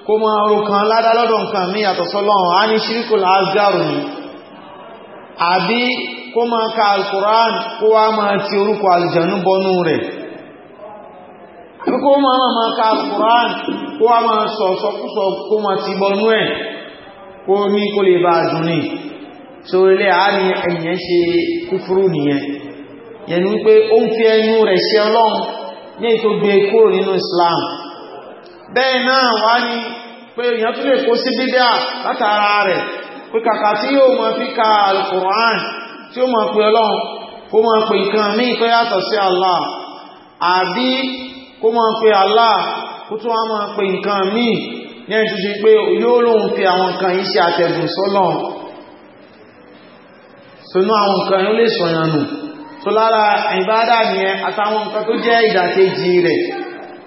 kó mọ́ orúkan ládá lọ́dọ̀ nǹkan ní yàtọ̀ sọ́lọ́run a ní ṣíríkò láàzgáàrù ní àbí kó mọ́ ka alkùrán kó wá máa ti orúkọ alìjànú bọnú rẹ̀ kó mọ́ máa ka alkùrán kó wá máa sọ̀sọ̀kúsọ̀ kó máa ti bọnú ẹ̀ kó ní kó lè bá dùn ní so ilé a ní ẹ̀yẹn ṣe kúfúrú nìyẹn yẹn ni wípé ó ń fi ẹnu rẹ̀ ṣe ọlọ́run ní ètò gbé kúrò nínú Islam bẹ́ẹ̀ náà wá ní pé èèyàn tún lè kó sí bídá látara rẹ̀ pé kàkà tí yóò mọ̀ fi ka al-Qur'an tí ó mọ̀ pé ọlọ́run kó mọ̀ pé nǹkan míì tó yàtọ̀ sí Allah àbí kó mọ̀ pé Allah kó tún wá mọ̀ pé nǹkan míì ní ẹni pé yóò lóun fi àwọn nǹkan yìí ṣe sọ́lọ̀ àwọn nǹkan yóò lè sọ̀yàn nù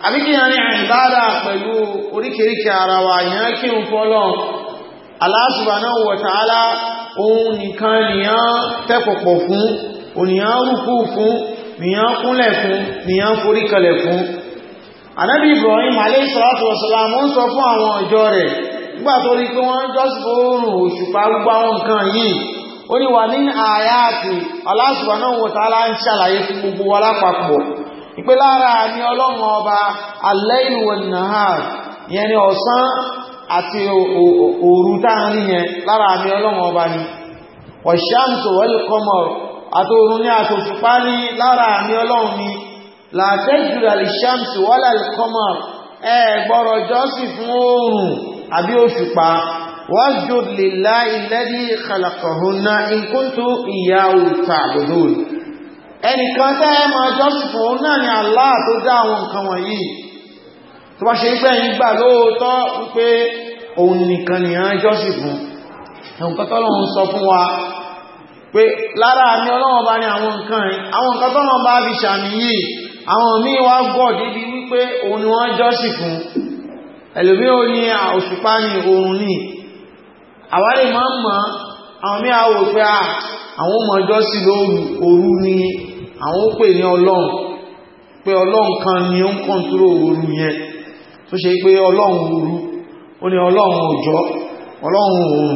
àbí kí yàn ní ìbádà pẹ̀lú oríkèríkè ara wa yàn kí n fọ́lọ́ Allah subhanahu wa ta'ala òun nìkan nìyàn tẹ́pọ̀pọ̀ fún ònìyàn rúkú fún nìyàn kúnlẹ̀ fún nìyàn foríkalẹ̀ fún anábì Ibrahim alayhi salatu wasalam ń sọ fún àwọn ìjọ rẹ̀ nígbà tó rí pé ìpé lára ní ọlọ́run ọba alẹ́ìwọ̀n náà yẹn ni ọ̀sán àti òru táàrin yẹn lára ní ọlọ́run ọba ni ọ̀ṣàmtò wẹ́lùkọmọ̀ àtòrun ní àtòṣùpá ní lára ní ọlọ́run ni làtẹ́jùlá lìṣàmtò wọ́lẹ̀lùkọmọ̀ ẹ gbọ́rọ̀ jọ́sìn fún oòrùn àbí òṣùpá wasjud lillahi alladhi khalaqahunna ẹnìkan tẹ́ ẹ máa jọ́sìn fún òun náà ni Allah tó dá àwọn nǹkan wọ̀nyí tó bá ṣe ń gbẹ̀yìn gbà lóòótọ́ wípé òun nìkan ni a jọ́sìn fún ẹ̀hùn kọ́tọ́lọ́run sọ fún wa pé lára mi ọlọ́wọ́ bá ní àwọn nǹkan rìn àwọn nǹkan tọ́lọ́ bá fi ṣàmì yìí àwọn míì wá gọ̀ débi wípé òun ni wọ́n jọ́sìn fún ẹlòmí ò ní òṣùpá ní oòrùn ní àwọn ó pè ní ọlọ́run pé ọlọ́run kan ni ó ń kọ́ntúrò òru yẹn tó ṣe pé ọlọ́run òru ó ní ọlọ́run òjò ọlọ́run òòrùn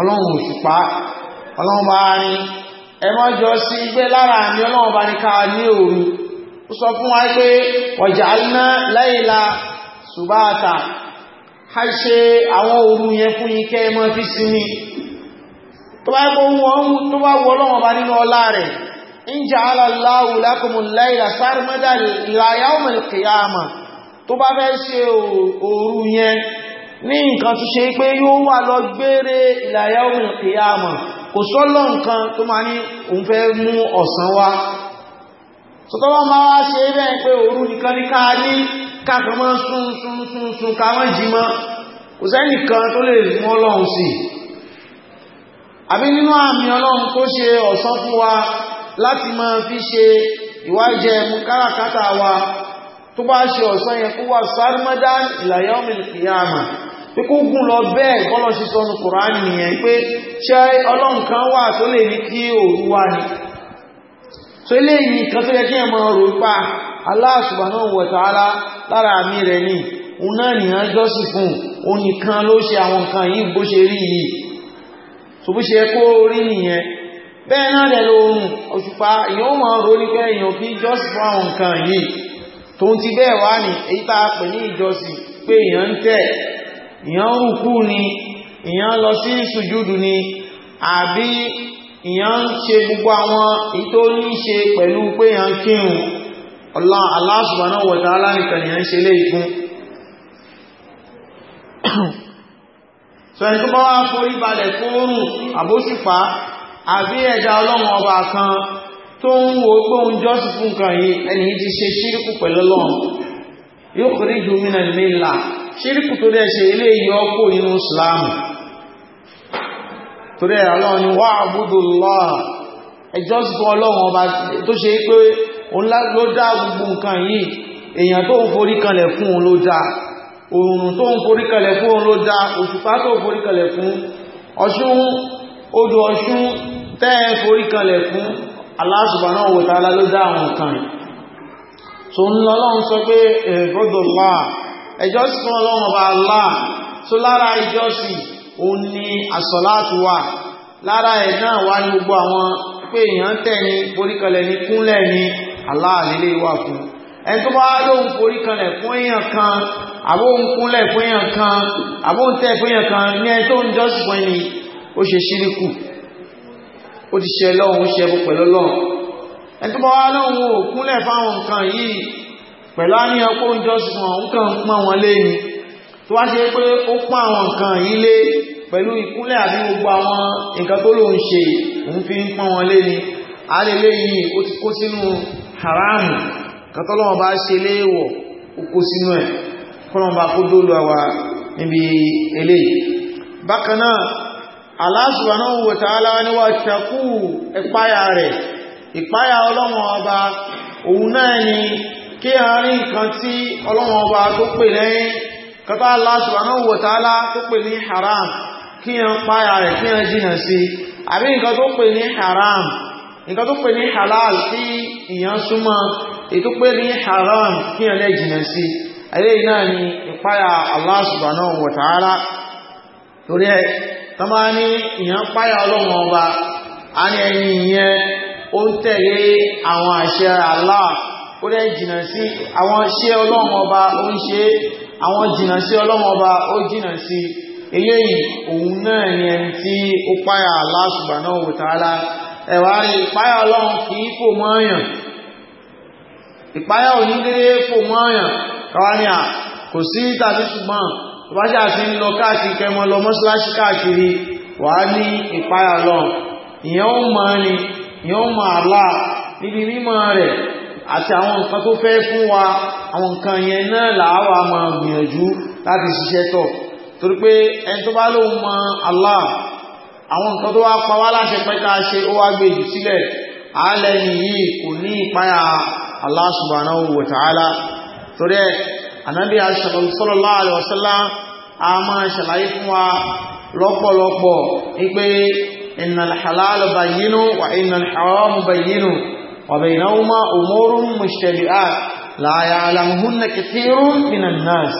ọlọ́run òṣùpá ọlọ́run bá ní ẹmọ́jọ sí gbé lára ní ọlọ́run bá ní ká ní òru ó sọ fún wa pé waja'alna layla subata a ṣe àwọn òru yẹn fún yín kẹ́ ẹ máa fi sinmi tó bá gbóhùn ọ̀hún tó bá wọ ọlọ́run bá nínú ọlá rẹ̀ in ja'ala Allahu lakumul layla sarmadan ila yawmil qiyamah tó bá fẹ́ ṣe òru yẹn ní nǹkan tó ṣe pé yóò wà lọ gbére ila yawmil qiyamah kò sọ́lọ́ nǹkan tó máa ní òun fẹ́ mú ọ̀sán wá sọ́tọ́wọ́ máa wá ṣe bẹ́ẹ̀ pé òru nìkan ní ká ní káàkiri mọ́ sún sún sún sún ká wọ́n jí mọ́ kò sẹ́nìkan tó lè mọ́ ọlọ́run sí àbí nínú àmì ọlọ́run tó ṣe ọ̀sán fún wa láti máa fi ṣe ìwájẹ mú káràkátà wa tó bá ṣe ọ̀sán yẹn kó wà sármọ́dán ìlàyà ọmọlùkìyàmà pé kó gùn lọ bẹ́ẹ̀ bọ́lọ̀ sí sọ́nù kùránì nìyẹn pé ṣe ọlọ́run kan wà Allah subhanahu wa ta'ala lára àmì rẹ̀ ní òun náà nìyàn jọ́sì fún òun nìkan ló ṣe àwọn nǹkan yìí bó ṣe rí yìí tó bó ṣe kó rí nìyẹn bẹ́ẹ̀ náà dẹ̀ lóòrùn òṣùpá èyàn mọ̀ rò ní pé èyàn fi jọ́sìn fún àwọn nǹkan yìí tó ń ti bẹ́ẹ̀ wá ní èyí tá a pè ní ìjọsìn pé èyàn ń tẹ̀ èyàn rùkú ni èyàn lọ sí sùjúdù ni àbí èyàn ń ṣe gbogbo àwọn èyí tó ní ṣe pẹ̀lú pé èyàn kírun Allah subhanahu wa ta'ala nìkan èyàn ń ṣe lé ìfún sọ ẹni tó bá wá forí balẹ̀ fóòrùn àbóṣùpá àbí ẹ̀dá ọlọ́run ọba kan tó ń wo gbóhun jọ́sí fún kan yìí ẹni ti ṣe ṣíríkù pẹ̀lú ọlọ́run yóò kò rí ju mínà ní ńlá ṣíríkù tó dẹ̀ ṣe ilé yọ kó inú islam tó dẹ̀ ọlọ́run ni wà àbúdó lọ́à ẹjọ́ sí fún ọlọ́run ọba tó ṣe pé ló dá gbogbo nǹkan yìí èèyàn tó ń forí kanlẹ̀ fún òun ló dá oòrùn tó ń forí kanlẹ̀ fún òun ló dá òṣùpá tó ń forí kanlẹ̀ fún ọ̀ṣun odò ọ̀ṣun tẹ́ forí kanlẹ̀ fún Allah subhanahu wa ta'ala ló dá àwọn kan so ń lọ lọ́n sọ pé ẹ̀rọ̀dọ̀lá ẹjọ́ sí fún ọlọ́run ọba Allah so lára ìjọ́ sí o ní àsọ̀láàtù wà lára ẹ̀ náà wá ní gbogbo àwọn pé èèyàn tẹ̀ ní forí kanlẹ̀ ní kúnlẹ̀ ní Allah nílé wà fún ẹni tó bá lóun forí kanlẹ̀ fún èèyàn kan àbóhun kúnlẹ̀ fún èèyàn kan àbóhun tẹ̀ ó ti ṣe lọ́hun ṣe bú pẹ̀lú lọ́hun ẹni tó bá wá lọ́hun ò kúnlẹ̀ fáwọn nǹkan yìí pẹ̀lú àníyàn kó ń jọ́sùn àwọn nǹkan ń pọ́n wọn lé ni tó wá ṣe pé ó pọ́n àwọn nǹkan yìí lé pẹ̀lú ìkúnlẹ̀ àbí gbogbo àwọn nǹkan Allah subhanahu wa ta'ala ní wà ṣàkú ìpáyà rẹ̀ ìpáyà ọlọ́wọ̀n ọba òun náà ni kí a rí nǹkan tí ọlọ́wọ̀n ọba tó pè lẹ́yìn kọta Allah subhanahu wa ta'ala tó pè ní haram kí a páyà rẹ̀ kí a jìnà sí àbí nǹkan tó pè ní haram nǹkan tó pè ní halal tí ìyàn súnmọ́ ètò pè ní haram kí a lè sí ẹlẹ́yìn náà ni ìpáyà Allah subhanahu wa torí ẹ tán bá ní ìyàn páyà ọlọ́run ọba a ní ẹni ìyẹn ó ń tẹ̀lé àwọn àṣẹ Allah ó dẹ̀ jìnà sí àwọn ṣẹ́ ọlọ́run ọba ó ń ṣe àwọn jìnà sí ọlọ́run ọba ó jìnà sí eléyìí òun náà ni ẹni tí ó páyà Allah subhanahu wa ta'ala ẹ̀wà rí ìpáyà ọlọ́run kì í fò mọ́ọ̀yàn ìpáyà òní dédé fò mọ́ọ̀yàn káwá ní à kò sí tàbí ṣùgbọ́n tó bá ṣáà sí ń lọ káàkiri kẹmọ lọ mọ́síláṣí káàkiri wà á ní ìpáyà lọ ìyẹn ó mọ ni ìyẹn ó mọ àlá níbi mímọ̀ rẹ̀ àti àwọn nǹkan tó fẹ́ fún wa àwọn nǹkan yẹn náà làáwà máa gbìyànjú láti ṣiṣẹ́ tọ̀ torí pé ẹni tó bá lóun mọ Allah àwọn nǹkan tó wá pa wá láṣẹ pé ká ṣe ó wá gbé jù sílẹ̀ àálẹ́ nìyí kò ní ìpáyà Allah subhanahu torí ẹ̀ ànábì sallallahu alaihi wasallam a máa ṣàlàyé fún wa lọ́pọ̀lọpọ̀ wípé innal halal bayyinu wa innal haram bayyinu wa baynahuma umurun mushtabihat la ya'lamuhunna kathirun minan nas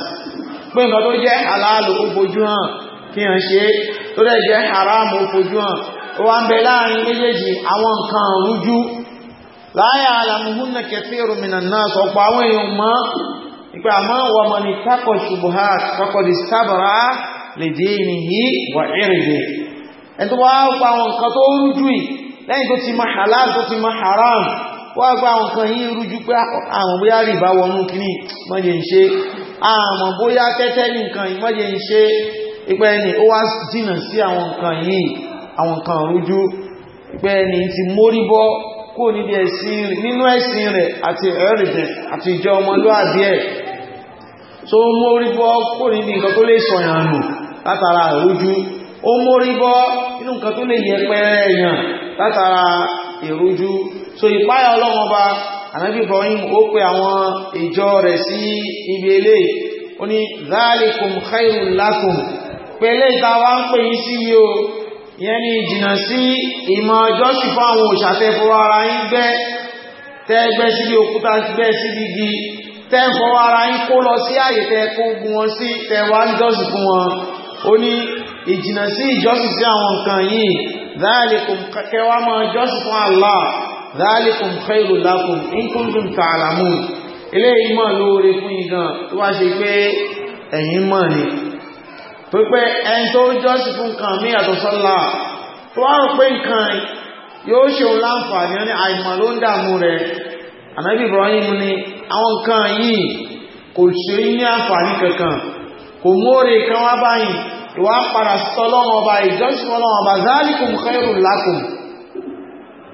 pé nǹkan tó jẹ́ halálù ó fojú hàn kí hàn ṣe tó rẹ̀ jẹ́ haramu ó fojú hàn ó àwọn èèyàn mọ́ ìpé àmọ́ wà mọ̀ ní tákọ̀ ṣubùhá kọ́kọ́ di sábàrá lè dé ní yí wà ìrìnlẹ̀ ẹ̀tọ́ wá gba àwọn nǹkan tó ń jù lẹ́yìn tó ti ma halal tó ti ma haram wá gba àwọn nǹkan yí rújú pé àwọn ah, bóyá rìbá wọnú kìíní mọ́jẹ̀ ń ṣe àwọn ah, bóyá tẹ́tẹ́ ní mọ́jẹ̀ ń kó níbi ẹ̀sìn rẹ̀ nínú ẹ̀sìn rẹ̀ àti ẹ̀rìdìn àti ìjọ ọmọlúwàbí ẹ̀ tó mórí bọ́ kó níbi nǹkan tó lè sọ̀yàn nù látara ìrújú ó mórí bọ́ nínú nǹkan tó lè yẹpẹrẹ èèyàn látara ìrújú so ìpáyà ọlọ́wọ́n bá ànábì Ibrahim ó pe àwọn ìjọ rẹ̀ sí ibi ilé ó ní zalikum khairun lakum pẹ̀lẹ́ ìta wá ń pè yí sí yìí ìyẹn ni ìjìnà sí ìmọ̀ ọjọ́ ṣùgbọ́n àwọn òṣàfẹ́ fọwọ́ ara yín gbẹ́ tẹ́gbẹ́ síbi òkúta gbẹ́ síbi igi tẹ́ ń fọwọ́ ara yín kó lọ sí àyè tẹ́ wọn sí tẹ́wàá ń jọ́sìn fún wọn ó ní ìjìnà sí ìjọ́sìn sí àwọn nǹkan yìí ذلكم كواما جوسف الله ذلكم خير لكم إن كنتم تعلمون ilé ìmọ̀ lóore fún ìgàn tó pé ẹni tó jọ́sìn fún kan ní àtọ̀sọ́lá tó wá rò pé nǹkan yóò ṣe òun láǹfààní ní àìmọ̀ ló ń dààmú rẹ̀ ànábì Ibrahim ni àwọn nǹkan yìí kò ṣe ní àǹfààní kankan kò mórí kan wá báyìí ìwà padà sọlọ́wọ́ ọba ìjọsìn ọlọ́wọ́ ọba zalikum khairun lakum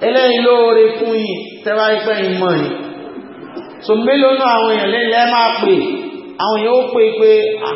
eléyìí lóore fún yìí tẹ́wá ipẹ́ ìmọ̀ ni so mélòó náà àwọn èèyàn lẹ́lẹ́ máa pè àwọn èèyàn ó pè pé ah,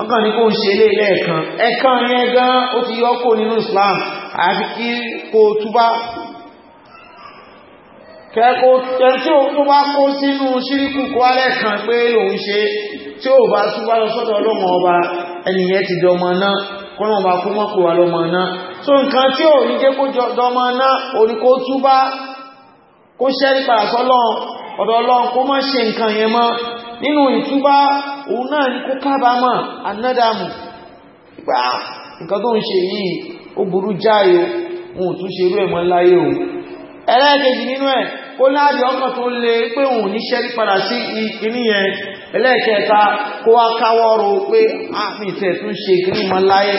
ọkàn ní kó ń ṣe léèlé ẹ̀kan ẹ̀kan yẹn gan ó ti yọ́kò nínú Islam àti kí kò túbá kẹ́kọ́ tí ó tó bá kó sínú ṣíríkù kó alẹ́kan pé òun ṣe tí ó bá túbá lọ sọ́dọ̀ ọlọ́mọ ọba ẹniyẹn ti dọmọ náà kọ́nà ọba kó mọ́ pè wà lọ́mọ náà so nǹkan tí ò ní jẹ́ kó dọmọ náà orí kó túbá kó ṣẹ́rí pàṣọ́lọ́ ọ̀dọ̀ ọlọ́run kó mọ́ ṣe nǹkan yẹn mọ́ nínú ìtúbá òun náà ní kó kábàámọ̀ anádàmù pípa nǹkan tó ń ṣe yìí ó burú jáyé ohun tún ṣe irú ohun nínú ẹ̀ kó láàbí ọkàn tó lè pé òun níṣẹ́ padà sí ìkíní yẹn kó wá káwọ́rò pé àmì ìtẹ̀ tún ṣe ìkíní láyé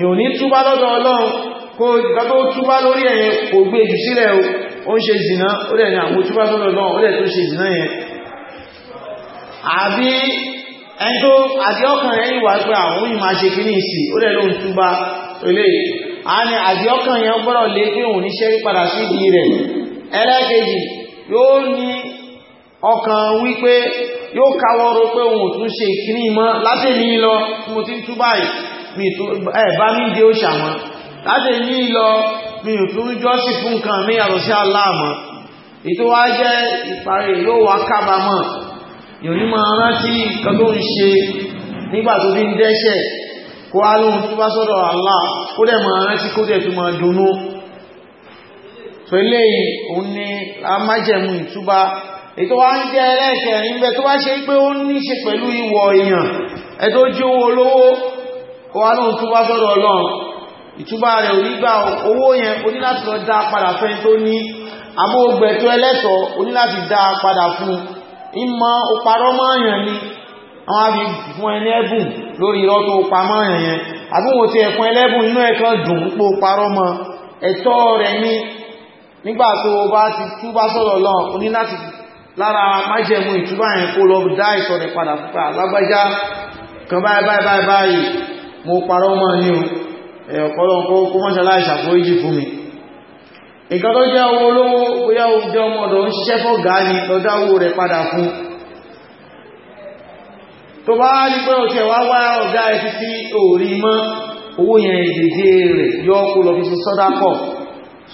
yóò ní túbá lọ́dọ̀ ọlọ́run kó ìgbà tó túbá lórí ẹ̀yẹn kò gbé jù sílẹ̀ o ó ń ṣe zìnà ó dẹ̀ ní àwọn túbá lọ́dọ̀ ọlọ́run ó dẹ̀ ṣe àbí ẹjọ́ àdíọ́kàn rẹ̀ ìwà pé àwọn ìmá ṣe kí ní ìsì ó rẹ̀ ló ń túbá olè a ní àdíọ́kàn yẹn gbọ́rọ̀ lé pé òun ní ṣẹ́rí padà sí ìdí rẹ̀ ẹlẹ́kejì yóò ní ọkàn wípé yóò káwọ́rọ̀ pé òun tún ṣe ìkíní mọ́ láti ní lọ mo ti ń túbá ẹ̀bá mi dé ó ṣàwọn láti ní lọ mi ò tún jọ́sìn fún nǹkan mi àròsí aláàmọ́ ìtò wá jẹ́ ìparí yóò wá kábàámọ̀ yóò ní máa rántí nǹkan tó ń ṣe nígbà bí ń dẹ́ṣẹ̀ kó á lóhun tó bá sọ́dọ̀ Allah kó dẹ̀ máa rántí kó dẹ̀ tó máa dunú tó ilé òun ni a májẹ̀mú ìtúbá ètò wá ń jẹ́ ẹlẹ́ẹ̀kẹ̀rin bẹ tó bá ṣe pé ó ní ṣe pẹ̀lú ìwọ̀ èèyàn ẹ tó jí owó olówó kó á lóhun tó bá sọ́dọ̀ Ọlọ́run ìtúbá rẹ̀ ò nígbà owó yẹn o ní láti lọ dá padà fẹ́ tó ní àmọ́ ògbẹ̀tọ́ ẹlẹ́tọ̀ọ́ o ní láti dá padà fún un ìmọ̀ òparọ́ mọ́ọ̀yàn ni àwọn àbí fún ẹni ẹ̀bùn lórí irọ́ tó pa mọ́ọ̀yàn yẹn àbúwò ti ẹ̀kún ẹlẹ́bùn inú ẹ̀kan dùn pó parọ́ mọ́ ẹ̀tọ́ rẹ̀ ní nígbà tó o bá ti túbá sọ́dọ̀ lọ́n o ní láti lára májẹ̀mú ìtúbà yẹn kó lọ dá ìsọ̀rẹ̀ padà púpà lágbájá kan báyìí báyìí báyìí báyìí mo parọ́ mọ́ ní o ẹ̀kọ́ lọ́n kó mọ́ṣáláì ṣàforíjì fún mi nǹkan tó jẹ́ owó olówó bóyá oúnjẹ ọmọdọ̀ ń ṣiṣẹ́ fọ́ gáà ní lọ́dá owó rẹ̀ padà fún tó bá ní pé òṣè wá wá ọ̀gá ẹ̀sí sí òòrí mọ́ owó yẹn ìdèdè rẹ̀ yọ lọ fi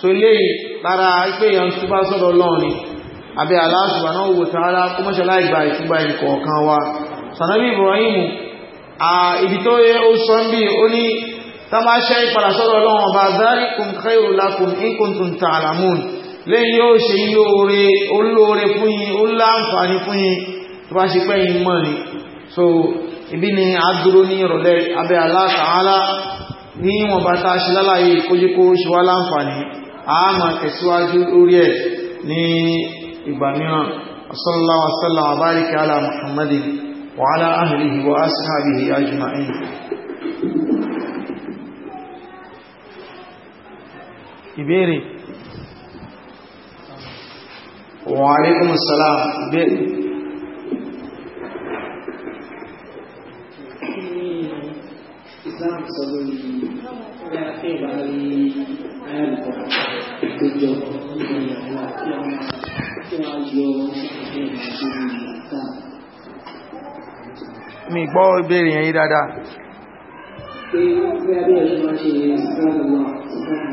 so ilé lára pé èèyàn tó bá sọ́dọ̀ lọ́ọ̀ni àbí Allah subhanahu tọ́mọ aṣẹ́ ìpadà sọ́dọ̀ ọlọ́run ọba zalikum khairu lakum in kuntum ta'lamun lẹ́yìn yóò ṣe yí oore olóore fún yín ó láǹfààní fún yín tó bá ṣe pẹ́ yín mọ̀ ni so ibi ni a dúró ní ìrọ̀lẹ́ abẹ́ Allah ta'ala ní wọn bá tá a ṣe lálàyé kójíkó ṣe wá láǹfààní a máa tẹ̀síwájú lórí ẹ̀ ní ìgbà mìíràn sallallahu wa sallam wa muhammadin wa ala ahlihi wa ashabihi ìbéèrè wa alaikum assalam ìbéèrè Islam sọ lórí ọ̀rẹ́ àti ìbárí ayàlùkọ̀ tó jọ nígbà ìyàwó àti ọmọ tí wọ́n yọ ṣàkóso ìrìnàjò ìyàtà. Mi gbọ́ ìbéèrè yẹn yí dáadáa. Pé wọ́n fẹ́ abẹ́ ìṣọ́ ṣe ìrìnàjò